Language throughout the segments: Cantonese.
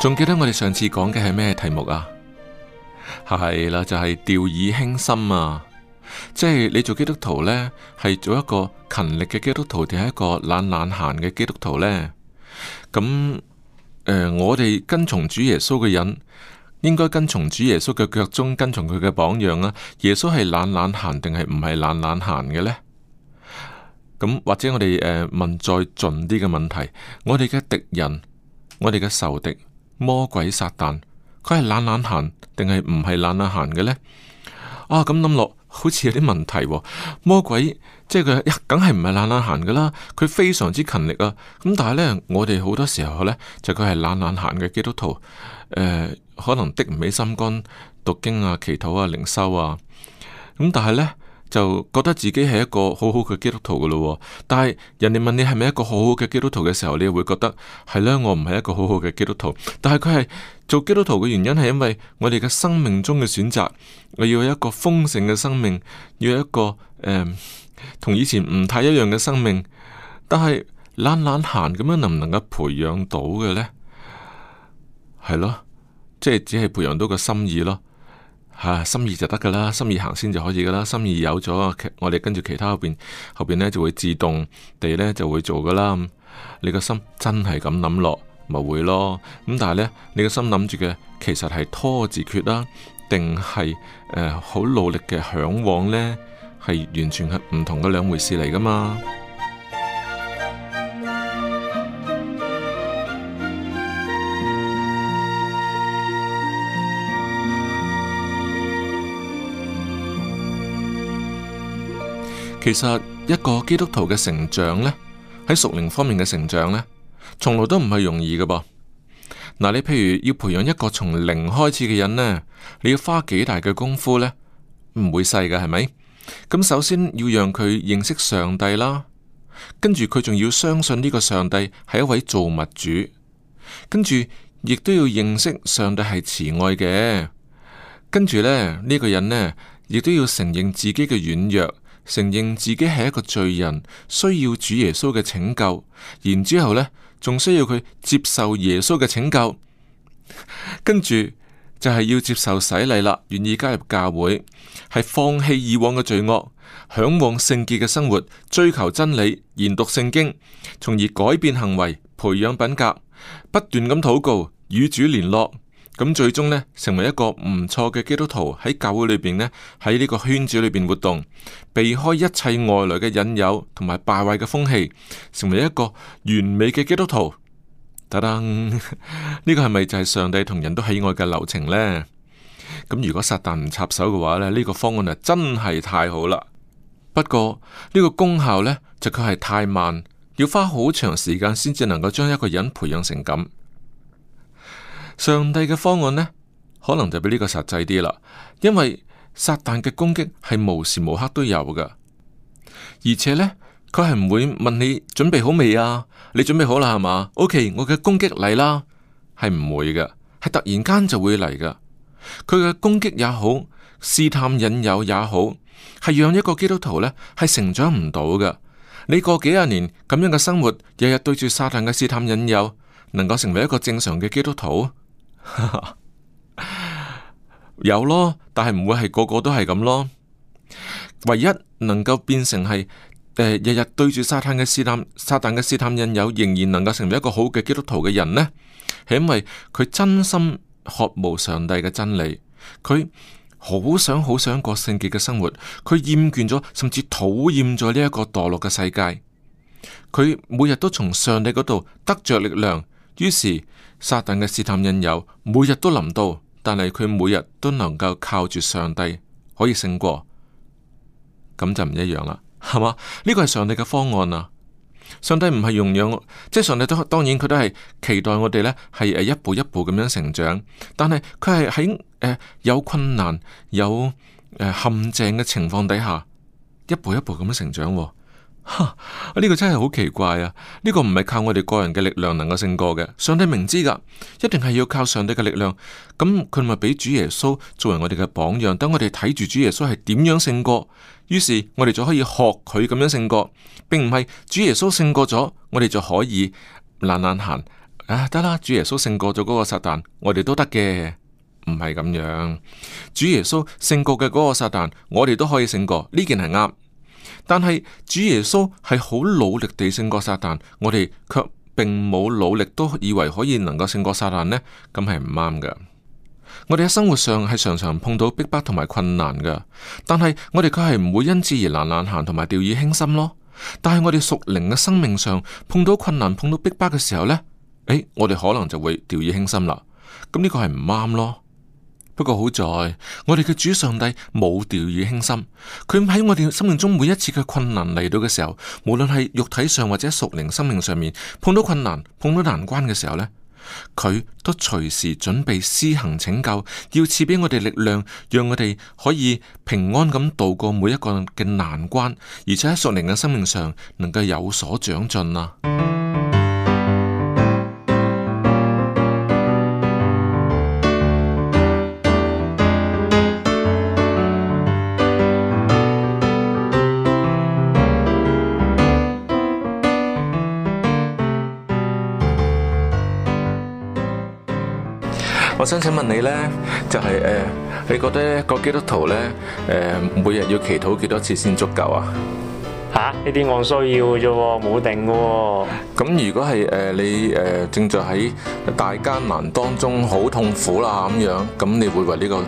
仲記得我哋上次講嘅係咩題目啊？係啦，就係、是、掉以輕心啊！即係你做基督徒呢，係做一個勤力嘅基督徒，定係一個懶懶閒嘅基督徒呢？咁、嗯、誒、呃，我哋跟從主耶穌嘅人，應該跟從主耶穌嘅腳蹤，跟從佢嘅榜樣啊。耶穌係懶懶閒定係唔係懶懶閒嘅呢？咁、嗯、或者我哋誒、呃、問再盡啲嘅問題，我哋嘅敵人，我哋嘅仇敵。魔鬼撒旦，佢係懶懶閒定係唔係懶懶閒嘅呢？啊，咁諗落，好似有啲問題，哦。魔鬼即係佢，梗係唔係懶懶閒噶啦，佢非常之勤力啊。咁但係呢，我哋好多時候呢，就佢係懶懶閒嘅基督徒。誒、呃，可能的唔起心肝，讀經啊、祈禱啊、靈修啊。咁但係呢。就覺得自己係一個好好嘅基督徒嘅咯，但係人哋問你係咪一個好好嘅基督徒嘅時候，你會覺得係呢，我唔係一個好好嘅基督徒。但係佢係做基督徒嘅原因係因為我哋嘅生命中嘅選擇，我要有一個豐盛嘅生命，要有一個誒同、呃、以前唔太一樣嘅生命。但係懶懶閒咁樣能唔能夠培養到嘅呢係咯即係只係培養到個心意咯。啊、心意就得噶啦，心意行先就可以噶啦，心意有咗，其我哋跟住其他後邊後邊呢就會自動地呢就會做噶啦。你個心真係咁諗落，咪會咯。咁但係呢，你個心諗住嘅其實係拖字訣啦，啊，定係好努力嘅向往呢？係完全係唔同嘅兩回事嚟噶嘛。其實一個基督徒嘅成長呢，喺屬靈方面嘅成長呢，從來都唔係容易嘅噃。嗱，你譬如要培養一個從零開始嘅人呢，你要花幾大嘅功夫呢？唔會細嘅係咪？咁首先要讓佢認識上帝啦，跟住佢仲要相信呢個上帝係一位造物主，跟住亦都要認識上帝係慈愛嘅，跟住呢，呢、呢個人呢，亦都要承認自己嘅軟弱。承認自己係一個罪人，需要主耶穌嘅拯救，然之後呢，仲需要佢接受耶穌嘅拯救，跟住就係要接受洗禮啦，願意加入教會，係放棄以往嘅罪惡，向往聖潔嘅生活，追求真理，研讀聖經，從而改變行為，培養品格，不斷咁禱告，與主聯絡。咁最終呢，成為一個唔錯嘅基督徒喺教會裏邊咧，喺呢個圈子裏邊活動，避開一切外來嘅引誘同埋敗壞嘅風氣，成為一個完美嘅基督徒。嗒噔，噔，呢 個係咪就係上帝同人都喜愛嘅流程呢？咁如果撒旦唔插手嘅話咧，呢、呢個方案啊真係太好啦。不過呢、呢個功效呢，就佢、係、係太慢，要花好長時間先至能夠將一個人培養成咁。上帝嘅方案呢，可能就比呢個實際啲啦。因為撒旦嘅攻擊係無時無刻都有噶，而且呢，佢係唔會問你準備好未啊？你準備好啦係嘛？OK，我嘅攻擊嚟啦，係唔會噶，係突然間就會嚟噶。佢嘅攻擊也好，試探引誘也好，係讓一個基督徒呢係成長唔到噶。你過幾廿年咁樣嘅生活，日日對住撒旦嘅試探引誘，能夠成為一個正常嘅基督徒？ 有咯，但係唔會係個個都係咁咯。唯一能夠變成係日日對住撒旦嘅試探，撒旦嘅試探引誘，仍然能夠成為一個好嘅基督徒嘅人呢？係因為佢真心渴慕上帝嘅真理，佢好想好想過聖潔嘅生活，佢厭倦咗，甚至討厭咗呢一個墮落嘅世界。佢每日都從上帝嗰度得着力量。於是撒旦嘅試探引誘每日都臨到，但係佢每日都能夠靠住上帝可以勝過，咁就唔一樣啦，係嘛？呢個係上帝嘅方案啊！上帝唔係容養我，即係上帝都當然佢都係期待我哋咧係一步一步咁樣成長，但係佢係喺誒有困難有誒、呃、陷阱嘅情況底下，一步一步咁樣成長喎。哈！呢個真係好奇怪啊！呢個唔係靠我哋個人嘅力量能夠勝過嘅，上帝明知噶，一定係要靠上帝嘅力量。咁佢咪俾主耶穌作為我哋嘅榜樣，等我哋睇住主耶穌係點樣勝過，於是我哋就可以學佢咁樣勝過，並唔係主耶穌勝過咗，我哋就可以懶懶閒啊得啦！主耶穌勝過咗嗰個撒旦，我哋都得嘅，唔係咁樣。主耶穌勝過嘅嗰個撒旦，我哋都可以勝過，呢件係啱。但係主耶穌係好努力地勝過撒旦，我哋卻並冇努力都以為可以能夠勝過撒旦呢？咁係唔啱㗎。我哋喺生活上係常常碰到逼迫同埋困難㗎，但係我哋卻係唔會因此而懶懶閒同埋掉以輕心咯。但係我哋屬靈嘅生命上碰到困難、碰到逼迫嘅時候呢，誒、哎，我哋可能就會掉以輕心啦。咁呢個係唔啱咯。不過好在，我哋嘅主上帝冇掉以輕心，佢喺我哋生命中每一次嘅困難嚟到嘅時候，無論係肉體上或者屬靈生命上面碰到困難、碰到難關嘅時候呢，佢都隨時準備施行拯救，要賜俾我哋力量，讓我哋可以平安咁度過每一個嘅難關，而且喺屬靈嘅生命上能夠有所長進啦、啊。想請問你咧，就係誒，你覺得咧個基督徒咧誒，每日要祈禱幾多次先足夠啊？嚇！呢啲按需要嘅啫，冇定嘅。咁如果係誒你誒正在喺大艱難當中，好痛苦啦咁樣，咁你會為呢個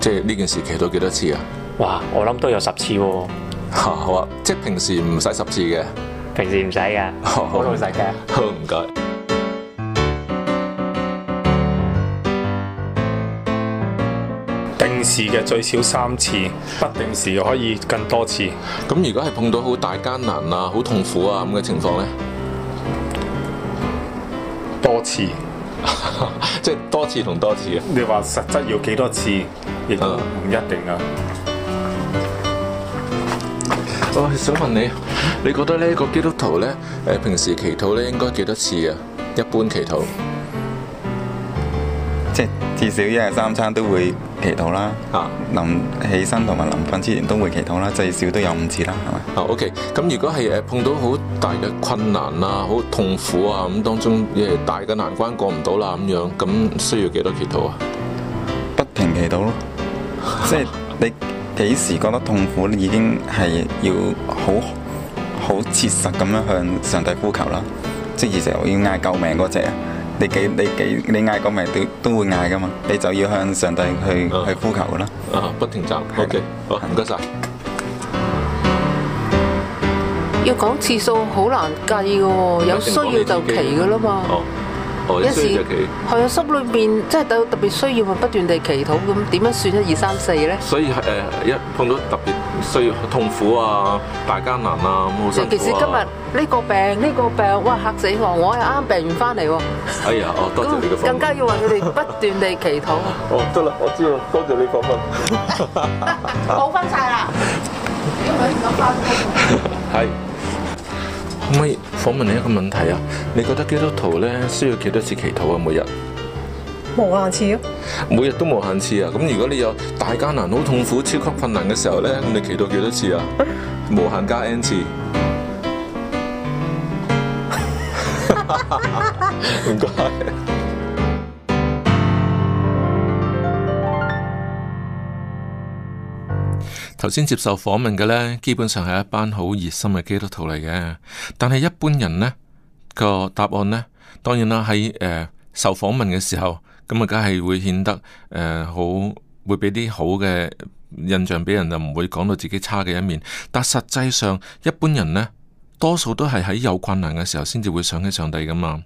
即係呢件事祈禱幾多次啊？哇！我諗都有十次喎。嚇！好啊，即係平時唔使十次嘅，平時唔使嘅，我都唔使嘅，好唔該。次嘅最少三次，不定時可以更多次。咁如果係碰到好大艱難啊、好痛苦啊咁嘅情況呢，多次， 即係多次同多次啊！你話實質要幾多次，亦都唔一定啊。我、啊哦、想問你，你覺得呢一個基督徒呢，誒平時祈禱咧應該幾多次啊？一般祈禱，即係至少一日三餐都會。祈禱啦，啊，臨起身同埋臨瞓之前都會祈禱啦，最少都有五次啦，係咪？啊，OK，咁如果係誒碰到好大嘅困難啊，好痛苦啊，咁當中即大嘅難關過唔到啦，咁樣咁需要幾多祈禱啊？不停祈禱咯，啊，即係你幾時覺得痛苦，已經係要好好切實咁樣向上帝呼求啦，即係而且要嗌救命嗰隻。你幾你幾你嗌過咪都都會嗌噶嘛？你就要向上帝去、啊、去呼求噶啦、啊。不停集。OK，的好，唔該晒。謝謝。要講次數好難計噶，有需要就奇噶啦嘛。 哦、一 時係啊，心裏邊即係特特別需要，不斷地祈禱咁，點樣算一二三四咧？所以係誒，一、呃、碰到特別需要痛苦啊、大艱難啊咁，啊尤其是今日呢、這個病呢、這個病，哇嚇死我！我又啱病完翻嚟喎。哎呀，哦多謝你嘅訪問。咁更加要為佢哋不斷地祈禱。 哦，得啦，我知道，多謝你訪問。好 分晒啊！點解唔咁分？係。 哎笑對可唔可以訪問你一個問題啊？你覺得基督徒咧需要幾多次祈禱啊？每日？無限次啊，每日都無限次啊！咁如果你有大艱難、好痛苦、超級困難嘅時候咧，咁你祈禱幾多次啊？啊無限加 N 次。 頭先接受訪問嘅呢，基本上係一班好熱心嘅基督徒嚟嘅。但係一般人呢個答案呢，當然啦，喺誒、呃、受訪問嘅時候，咁啊梗係會顯得誒、呃、好，會俾啲好嘅印象畀人，就唔會講到自己差嘅一面。但係實際上一般人呢，多數都係喺有困難嘅時候先至會想起上帝噶嘛。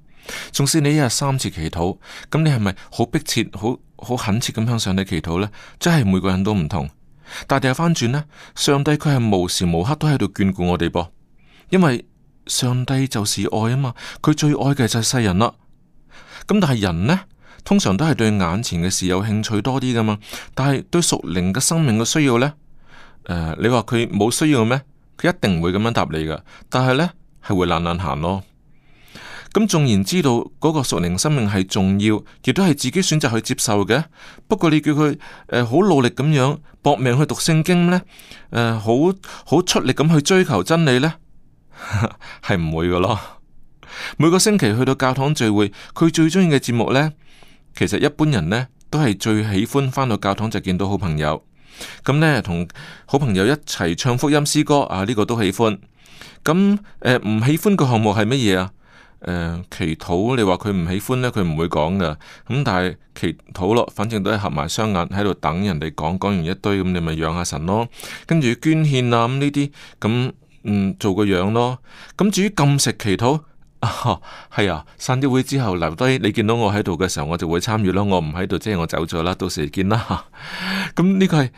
總之，你一日三次祈禱，咁你係咪好迫切、好好懇切咁向上帝祈禱呢？真係每個人都唔同。但係又翻轉呢，上帝佢係無時無刻都喺度眷顧我哋噃，因為上帝就是愛啊嘛，佢最愛嘅就係世人啦。咁但係人呢，通常都係對眼前嘅事有興趣多啲噶嘛，但係對屬靈嘅生命嘅需要呢，誒、呃，你話佢冇需要咩？佢一定唔會咁樣答你噶，但係呢，係會懶懶閒咯。咁縱然知道嗰、那個屬靈生命係重要，亦都係自己選擇去接受嘅。不過你叫佢誒，好、呃、努力咁樣搏命去讀聖經呢，誒、呃，好好出力咁去追求真理呢，係 唔會嘅咯。每個星期去到教堂聚會，佢最鍾意嘅節目呢，其實一般人呢都係最喜歡返到教堂就見到好朋友咁呢，同好朋友一齊唱福音詩歌啊，呢、這個都喜歡。咁誒，唔、呃、喜歡嘅項目係乜嘢啊？呃、祈禱，你話佢唔喜歡呢，佢唔會講㗎。咁但係祈禱咯，反正都係合埋雙眼喺度等人哋講，講完一堆咁，你咪養下神咯。跟住捐獻啊咁呢啲，咁嗯做個樣咯。咁至於禁食祈禱，係啊，啊，散咗會之後留低。你見到我喺度嘅時候，我就會參與咯。我唔喺度，即、就、係、是、我走咗啦。到時見啦。咁、啊、呢、嗯呢個係。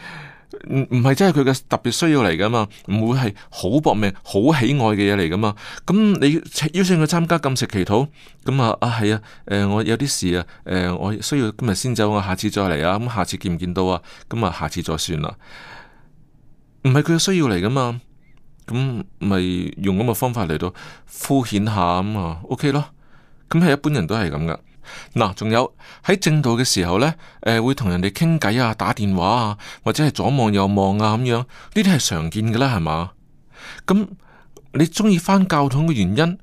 唔唔係真係佢嘅特別需要嚟噶嘛，唔會係好搏命，好喜愛嘅嘢嚟噶嘛。咁你邀請佢參加禁食祈禱，咁啊啊係啊，誒、啊啊呃、我有啲事啊，誒、呃、我需要今日先走，啊，我下次再嚟啊。咁下次見唔見到啊？咁啊下次再算啦。唔係佢嘅需要嚟噶嘛，咁咪用咁嘅方法嚟到敷衍下咁啊？OK 咯，咁係一般人都係咁噶嗱，仲有喺正道嘅時候呢，誒、呃、會同人哋傾偈啊，打電話啊，或者係左望右望啊咁樣，呢啲係常見噶啦，係嘛？咁、嗯、你鍾意翻教堂嘅原因，誒、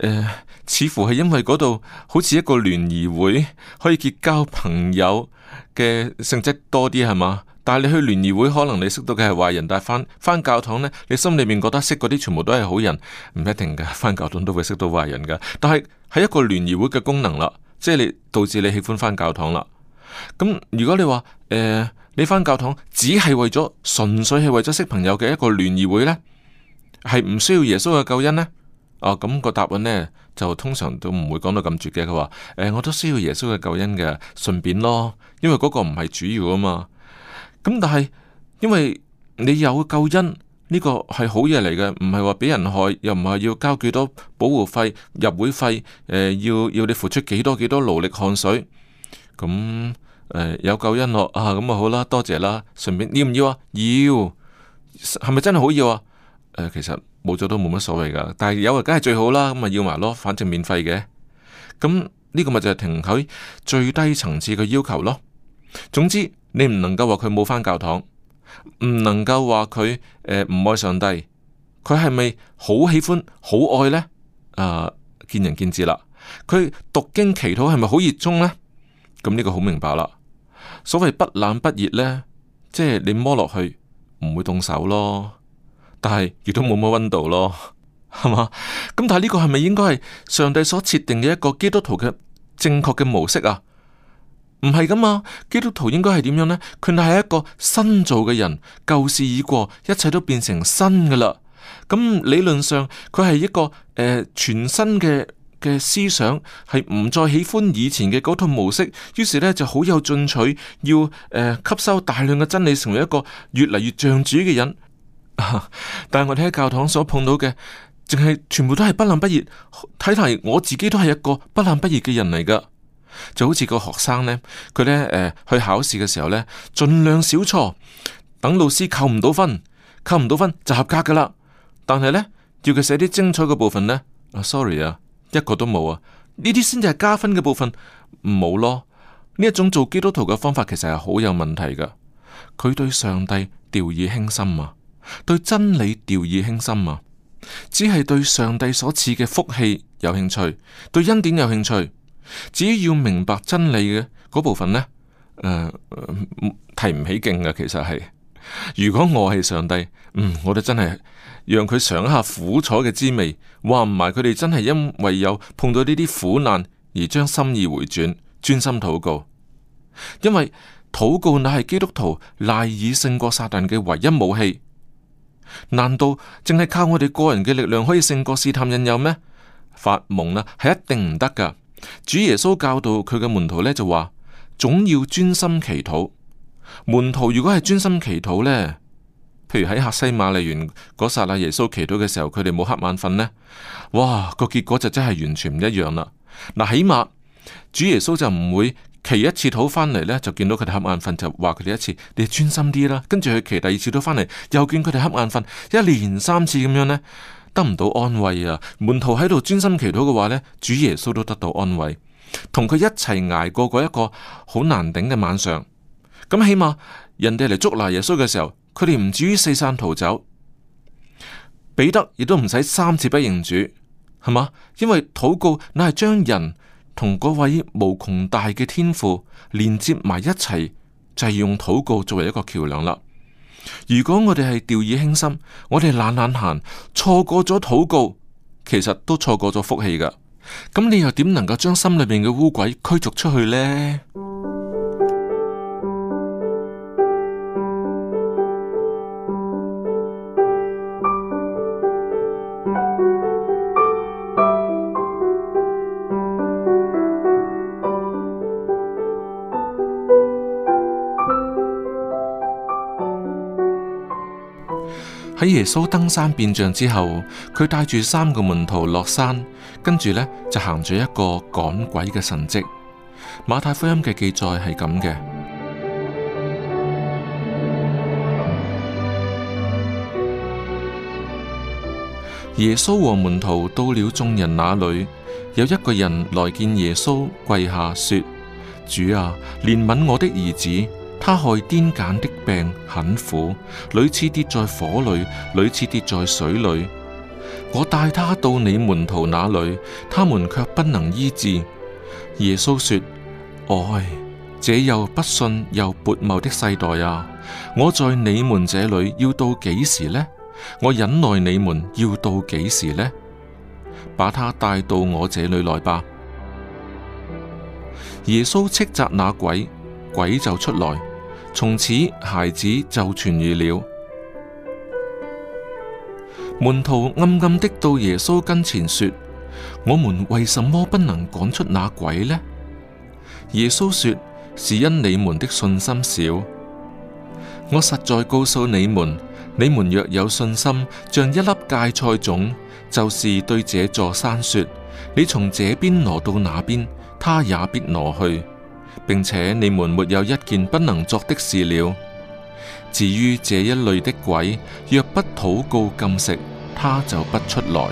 呃、似乎係因為嗰度好似一個聯誼會，可以結交朋友嘅性質多啲，係嘛？但係你去聯誼會，可能你識到嘅係壞人，但係翻翻教堂呢，你心裏面覺得識嗰啲全部都係好人，唔一定噶，翻教堂都會識到壞人噶。但係係一個聯誼會嘅功能啦。即係你導致你喜歡返教堂啦，咁如果你話誒、呃、你返教堂只係為咗純粹係為咗識朋友嘅一個聯誼會呢，係唔需要耶穌嘅救恩呢？哦，咁、嗰個答案呢，就通常都唔會講到咁絕嘅。佢話誒我都需要耶穌嘅救恩嘅，順便咯，因為嗰個唔係主要啊嘛。咁但係因為你有救恩。呢個係好嘢嚟嘅，唔係話畀人害，又唔係要交幾多保護費、入會費、呃，要要你付出幾多幾多勞力汗水。咁、嗯、誒、呃、有救恩啊，咁啊好啦，多謝啦，順便要唔要啊？要係咪真係好要啊？誒、呃、其實冇咗都冇乜所謂㗎，但係有梗係最好啦，咁咪要埋咯，反正免費嘅。咁、嗯、呢、這個咪就係停佢最低層次嘅要求咯。總之你唔能夠話佢冇返教堂。唔能夠話佢唔愛上帝，佢係咪好喜歡好愛呢？啊、呃，見仁見智啦。佢讀經祈禱係咪好熱衷呢？咁呢個好明白啦。所謂不冷不熱呢，即係你摸落去唔會凍手咯，但係亦都冇乜温度咯，係嘛？咁但係呢個係咪應該係上帝所設定嘅一個基督徒嘅正確嘅模式啊？唔係噶嘛，基督徒應該係點樣呢？佢係一個新造嘅人，舊事已過，一切都變成新嘅啦。咁理論上佢係一個誒、呃、全新嘅嘅思想，係唔再喜歡以前嘅嗰套模式，於是呢就好有進取，要誒、呃、吸收大量嘅真理，成為一個越嚟越像主嘅人。 但係我哋喺教堂所碰到嘅，淨係全部都係不冷不熱，睇嚟我自己都係一個不冷不熱嘅人嚟噶。就好似個學生呢，佢呢誒、呃、去考試嘅時候呢，盡量少錯，等老師扣唔到分，扣唔到分就合格噶啦。但係呢，叫佢寫啲精彩嘅部分呢，啊 sorry 啊，一個都冇啊，呢啲先至係加分嘅部分，冇咯。呢一種做基督徒嘅方法其實係好有問題噶，佢對上帝掉以輕心啊，對真理掉以輕心啊，只係對上帝所賜嘅福氣有興趣，對恩典有興趣。只要明白真理嘅部分呢？呃呃、提唔起勁嘅其實係，如果我係上帝，嗯，我都真係讓佢嘗下苦楚嘅滋味，話唔埋佢哋真係因為有碰到呢啲苦難而將心意回轉，專心禱告。因為禱告乃係基督徒賴以勝過撒旦嘅唯一武器。難道淨係靠我哋個人嘅力量可以勝過試探引誘咩？發夢啦，係一定唔得噶。主耶穌教導佢嘅門徒呢，就話總要專心祈禱。門徒如果係專心祈禱呢，譬如喺客西馬尼園嗰刹那耶穌祈禱嘅時候，佢哋冇瞌眼瞓呢，哇，個結果就真係完全唔一樣啦。嗱，啊，起碼主耶穌就唔會祈一次禱返嚟呢，就見到佢哋瞌眼瞓就話佢哋一次，你專心啲啦。跟住佢祈第二次都返嚟，又見佢哋瞌眼瞓，一連三次咁樣呢。得唔到安慰啊！門徒喺度專心祈禱嘅話呢，主耶穌都得到安慰，同佢一齊挨過嗰一個好難頂嘅晚上。咁起碼人哋嚟捉拿耶穌嘅時候，佢哋唔至於四散逃走。彼得亦都唔使三次不認主，係嘛？因為禱告乃係將人同嗰位無窮大嘅天父連接埋一齊，就係用禱告作為一個橋樑啦。如果我哋係掉以輕心，我哋懶懶閒，錯過咗禱告，其實都錯過咗福氣噶。咁你又點能夠將心裏面嘅污鬼驅逐出去呢？喺耶穌登山變像之後，佢帶住三個門徒落山，跟住呢就行咗一個趕鬼嘅神跡。馬太福音嘅記載係咁嘅：耶穌和門徒到了眾人那裏，有一個人來見耶穌，跪下說：主啊，憐憫我的兒子。他害癲癇的病很苦，屢次跌在火裏，屢次跌在水裏。我帶他到你門徒那裏，他們卻不能醫治。耶穌說：唉、哎，這又不信又悖謬的世代啊！我在你們這裏要到幾時呢？我忍耐你們要到幾時呢？把他帶到我這裏來吧。耶穌斥責那鬼，鬼就出來。從此，孩子就痊愈了。門徒暗暗的到耶穌跟前說：我們為什麼不能趕出那鬼呢？耶穌說：是因你們的信心少。我實在告訴你們，你們若有信心，像一粒芥菜種，就是對這座山說：你從這邊挪到那邊，他也必挪去。並且你們沒有一件不能作的事了。至於這一類的鬼，若不禱告禁食，他就不出來。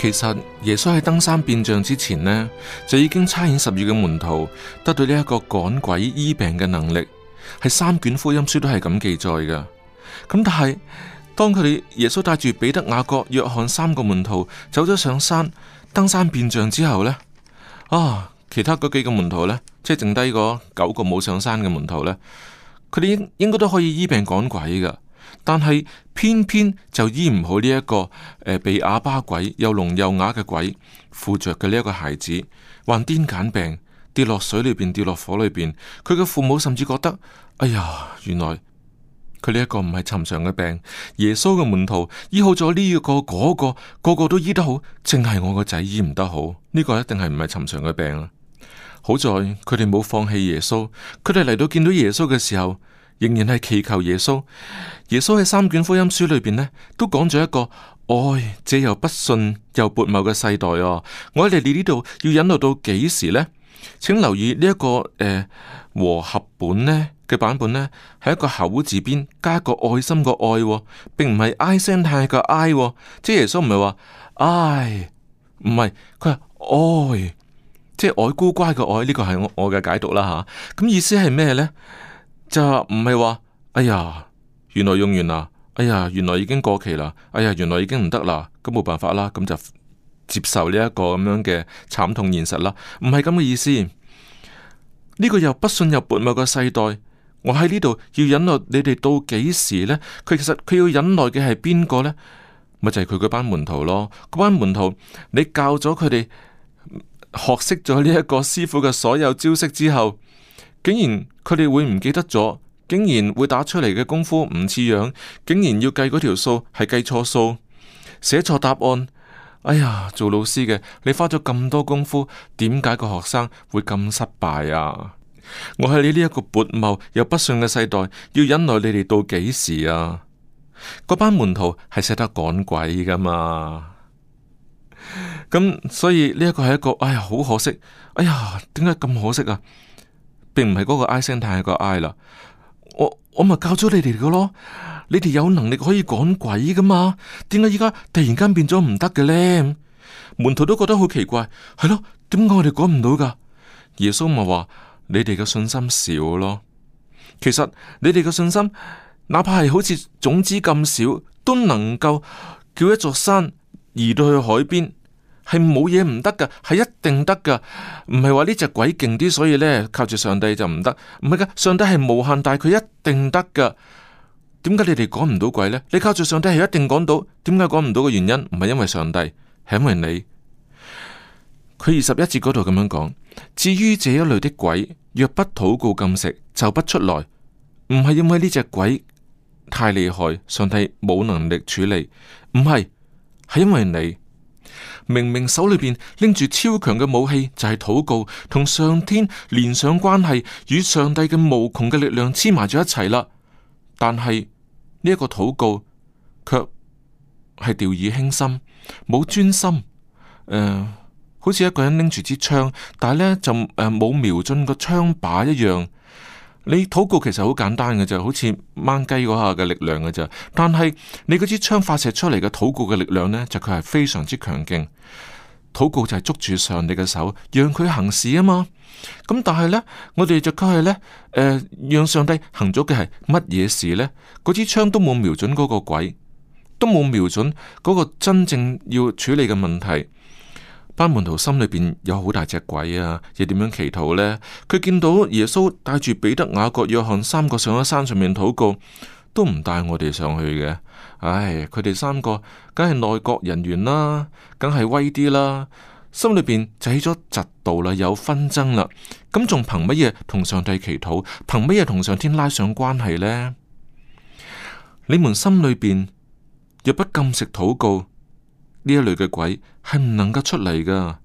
其實耶穌喺登山變像之前呢，就已經差遣十二嘅門徒得到呢一個趕鬼醫病嘅能力。係三卷福音書都係咁記載噶，咁但係當佢哋耶穌帶住彼得、雅各、約翰三個門徒走咗上山登山變像之後呢，啊，其他嗰幾個門徒呢，即係剩低嗰九個冇上山嘅門徒呢，佢哋應應該都可以醫病趕鬼噶，但係偏偏就醫唔好呢，這，一個誒、呃、被啞巴鬼又聾又啞嘅鬼附着嘅呢一個孩子患癲癇病。跌落水裏邊，跌落火裏邊，佢嘅父母甚至覺得：哎呀，原來佢呢一個唔係尋常嘅病。耶穌嘅門徒醫好咗呢一個、嗰、這個這個、個，個個都醫得好，淨係我個仔醫唔得好呢、這個，一定係唔係尋常嘅病啦。好在佢哋冇放棄耶穌，佢哋嚟到見到耶穌嘅時候，仍然係祈求耶穌。耶穌喺三卷福音書裏邊咧，都講咗一個愛這、哎、又不信又悖謬嘅世代哦、啊。我喺你呢度要忍耐到幾時呢？請留意呢、這、一個誒、欸、和合本咧嘅版本呢係一個口字邊加一個愛心個愛、哦，並唔係哀聲嘆氣嘅哀。即係耶穌唔係話哀，唔係佢話愛，即係愛孤乖嘅愛。呢個係我我嘅解讀啦吓。咁、啊、意思係咩呢？就唔係話哎呀，原來用完啦，哎呀，原來已經過期啦，哎呀，原來已經唔得啦，咁冇辦法啦，咁就。接受呢一個咁樣嘅慘痛現實啦，唔係咁嘅意思。呢個又不信又叛逆嘅世代，我喺呢度要忍耐你哋到幾時呢？佢其實佢要忍耐嘅係邊個呢？咪就係佢嗰班門徒咯。嗰班門徒，你教咗佢哋學識咗呢一個師傅嘅所有招式之後，竟然佢哋會唔記得咗，竟然會打出嚟嘅，功夫唔似樣，竟然要計嗰條數係計錯數，寫錯答案。哎呀，做老師嘅，你花咗咁多功夫，點解個學生會咁失敗啊？我喺你呢一個薄貌又不順嘅世代，要忍耐你哋到幾時啊？嗰班門徒係識得趕鬼噶嘛？咁所以呢一個係一個，哎呀，好可惜，哎呀，點解咁可惜啊？並唔係嗰個哀聲嘆氣個哀啦，我我咪教咗你哋㗎咯。你哋有能力可以趕鬼噶嘛？點解依家突然間變咗唔得嘅呢？門徒都覺得好奇怪，係咯，點解我哋趕唔到噶？耶穌咪話你哋嘅信心少咯。其實你哋嘅信心，哪怕係好似種子咁少，都能夠叫一座山移到去海邊，係冇嘢唔得噶，係一定得噶。唔係話呢隻鬼勁啲，所以呢，靠住上帝就唔得，唔係噶，上帝係無限大，但係佢一定得噶。點解你哋趕唔到鬼呢？你靠住上帝係一定趕到，點解趕唔到嘅原因唔係因為上帝，係因為你。佢二十一節嗰度咁樣講：，至於這一類的鬼，若不禱告禁食，就不出來。唔係因為呢隻鬼太厲害，上帝冇能力處理，唔係係因為你明明手裏邊拎住超強嘅武器，就係、是、禱告同上天連上關係，與上帝嘅無窮嘅力量黐埋咗一齊啦。但係呢一個禱告，卻係掉以輕心，冇專心，呃、好似一個人拎住支槍，但係呢就冇、呃、瞄準個槍靶一樣。你禱告其實好簡單嘅啫，好似掹雞嗰下嘅力量嘅咋。但係你嗰支槍發射出嚟嘅禱告嘅力量呢，就佢係非常之強勁。禱告就係捉住上帝嘅手，讓佢行事啊嘛。咁但係呢，我哋就梗係呢，誒、呃，讓上帝行咗嘅係乜嘢事呢？嗰支槍都冇瞄準嗰個鬼，都冇瞄準嗰個真正要處理嘅問題。班門徒心裏邊有好大隻鬼啊，又點樣祈禱呢？佢見到耶穌帶住彼得、雅各、約翰三個上咗山上面禱告，都唔帶我哋上去嘅。唉，佢哋三個梗係內閣人員啦，梗係威啲啦，心裏邊就起咗嫉妒啦，有紛爭啦，咁仲憑乜嘢同上帝祈禱？憑乜嘢同上天拉上關係呢？你們心裏邊若不禁食禱告，呢一類嘅鬼係唔能夠出嚟噶。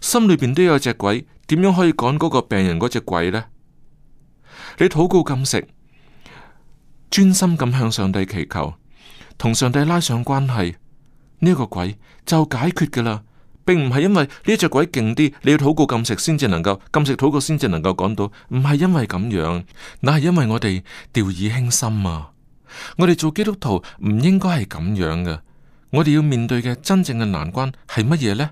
心裏邊都有隻鬼，點樣可以趕嗰個病人嗰隻鬼呢？你禱告禁食，專心咁向上帝祈求。同上帝拉上關係，呢一個鬼就解決噶啦，並唔係因為呢一隻鬼勁啲，你要禱告禁食先至能夠禁食禱告先至能夠講到，唔係因為咁樣，那係因為我哋掉以輕心啊！我哋做基督徒唔應該係咁樣噶，我哋要面對嘅真正嘅難關係乜嘢呢？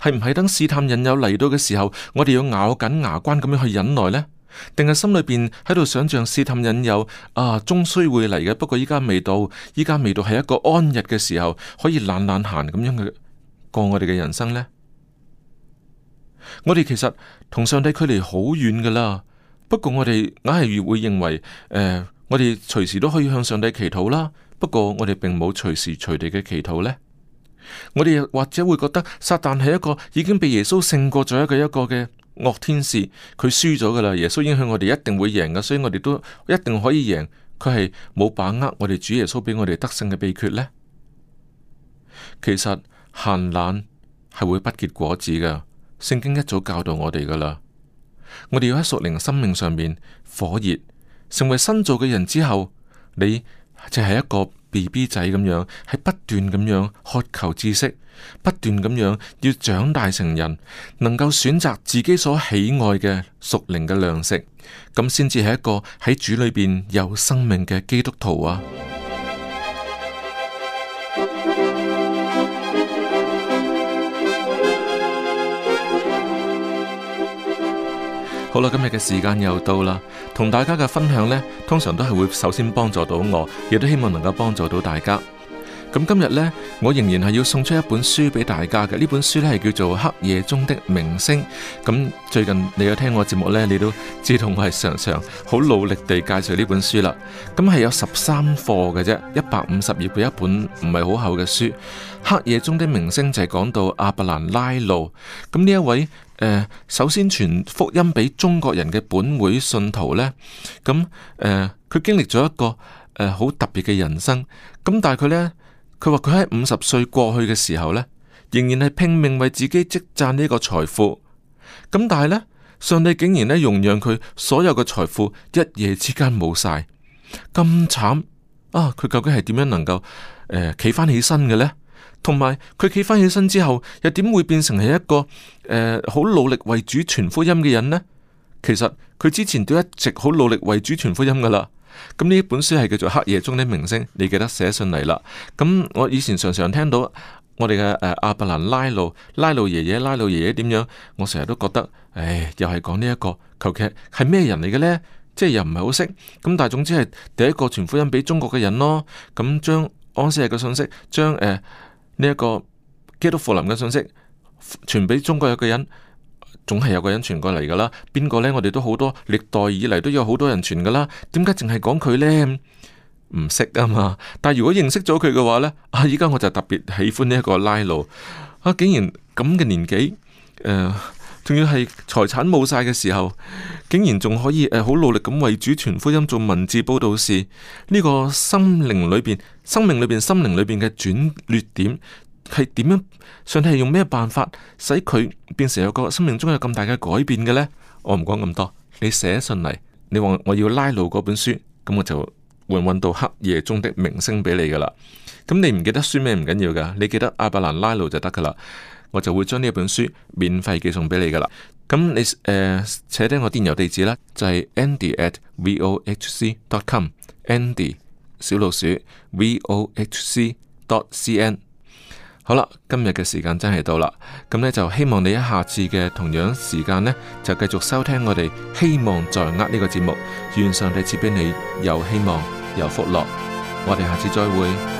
係唔係等試探引誘嚟到嘅時候，我哋要咬緊牙關咁樣去忍耐呢？定係心裏邊喺度想象試探引誘啊，終須會嚟嘅。不過依家未到，依家未到係一個安逸嘅時候，可以懶懶閒咁樣嘅過我哋嘅人生呢。我哋其實同上帝距離好遠噶啦。不過我哋硬係會認為，誒、呃，我哋隨時都可以向上帝祈禱啦。不過我哋並冇隨時隨地嘅祈禱呢。我哋或者會覺得撒旦係一個已經被耶穌勝過咗嘅一個嘅。惡天使佢輸咗噶啦，耶穌影響我哋一定會贏噶，所以我哋都一定可以贏。佢係冇把握我哋主耶穌畀我哋得勝嘅秘訣呢。其實閒懶係會不結果子噶，聖經一早教導我哋噶啦。我哋要喺屬靈生命上面火熱，成為新造嘅人之後，你就係一個。BB 仔咁樣，係不斷咁樣渴求知識，不斷咁樣要長大成人，能夠選擇自己所喜愛嘅屬靈嘅糧食，咁先至係一個喺主裏邊有生命嘅基督徒啊！好啦，今日嘅時間又到啦，同大家嘅分享呢，通常都係會首先幫助到我，亦都希望能夠幫助到大家。咁今日呢，我仍然係要送出一本書俾大家嘅。呢本書呢，係叫做《黑夜中的明星》。咁最近你有聽我節目呢，你都知同知道我係常常好努力地介紹呢本書啦。咁係有十三課嘅啫，一百五十頁嘅一本唔係好厚嘅書。《黑夜中的明星》就係、是、講到阿伯蘭拉路咁呢一位誒、呃，首先傳福音俾中國人嘅本會信徒呢，咁誒，佢、呃、經歷咗一個誒好、呃、特別嘅人生。咁但係佢呢。佢話佢喺五十歲過去嘅時候呢，仍然係拼命為自己積攢呢個財富。咁但係呢，上帝竟然呢容讓佢所有嘅財富一夜之間冇晒，咁慘啊！佢究竟係點樣能夠誒企翻起身嘅呢同埋佢企翻起身之後又點會變成係一個誒好、呃、努力為主傳福音嘅人呢？其實佢之前都一直好努力為主傳福音噶啦。咁呢本書係叫做《黑夜中的明星》，你記得寫信嚟啦。咁我以前常常聽到我哋嘅誒阿伯蘭拉魯、拉魯爺爺、拉魯爺爺點樣，我成日都覺得，唉，又係講呢一個求劇係咩人嚟嘅呢？即係又唔係好識。咁但係總之係第一個傳福音俾中國嘅人咯。咁將安息日嘅信息，將誒呢一個基督降臨嘅信息傳俾中國嘅人。總係有個人傳過嚟噶啦，邊個呢？我哋都好多歷代以嚟都有好多人傳噶啦，點解淨係講佢呢？唔識啊嘛！但係如果認識咗佢嘅話呢，啊，依家我就特別喜歡呢一個拉路啊！竟然咁嘅年紀，仲要係財產冇晒嘅時候，竟然仲可以好、呃、努力咁為主傳福音做文字報道事，呢、這個心靈裏邊、生命裏邊、心靈裏邊嘅轉捩點。係點樣？上帝係用咩辦法使佢變成有個生命中有咁大嘅改變嘅呢？我唔講咁多。你寫信嚟，你話我要拉路嗰本書，咁我就會揾到《黑夜中的明星》畀你噶啦。咁你唔記得書名唔緊要噶，你記得阿伯蘭拉路就得噶啦。我就會將呢本書免費寄送畀你噶啦。咁你誒，寫、呃、低我電郵地址啦，就係、是、andy at v o h c dot com，andy 小老鼠 v o h c dot c n。好啦，今日嘅時間真係到啦，咁咧就希望你下次嘅同樣時間呢，就繼續收聽我哋希望在握呢個節目，願上帝賜畀你有希望有福樂，我哋下次再會。